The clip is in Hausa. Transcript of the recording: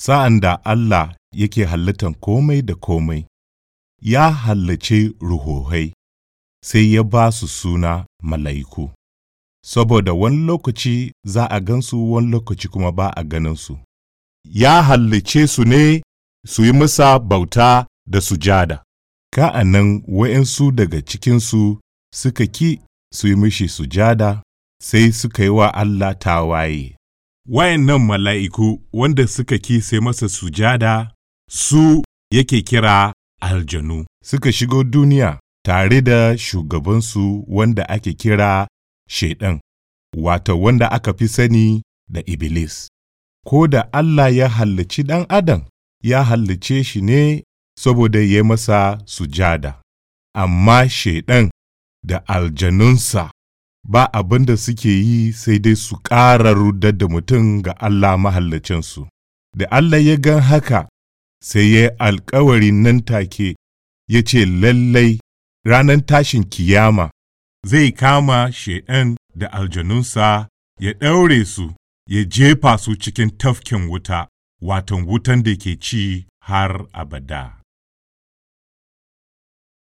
sa'an da Allah yake halittan komai da komai, ya hallace ruhohai, sai ya ba su suna mala'iku, saboda wani lokaci za a gansu wani lokaci kuma ba a ganinsu. Ya hallace su ne su yi masa bauta da sujada, ka'an nan wa'yansu daga cikinsu suka ki su yi mishi sujada, sai suka yi wa Allah tawaye. wayannan mala'iku wanda suka kise masa sujada su yake kira aljanu suka shigo duniya tare da shugabansu wanda ake kira Shaiɗan, wata wanda aka fi sani da Iblis. Ko da Allah ya halicci ɗan Adam, ya halicce shi ne saboda ya masa sujada, amma Shaiɗan da aljanunsa ba abin da suke yi sai dai su ƙara rudar da mutum ga Allah mahallacinsu. Da Allah ya gan haka, sai ya yi alkawari nan take, ya ce lallai ranar tashin kiyama zai kama shaiɗan da aljanunsa ya ɗaure su, ya jefa su cikin tafkin wuta, watan wutan da ke ci har abada.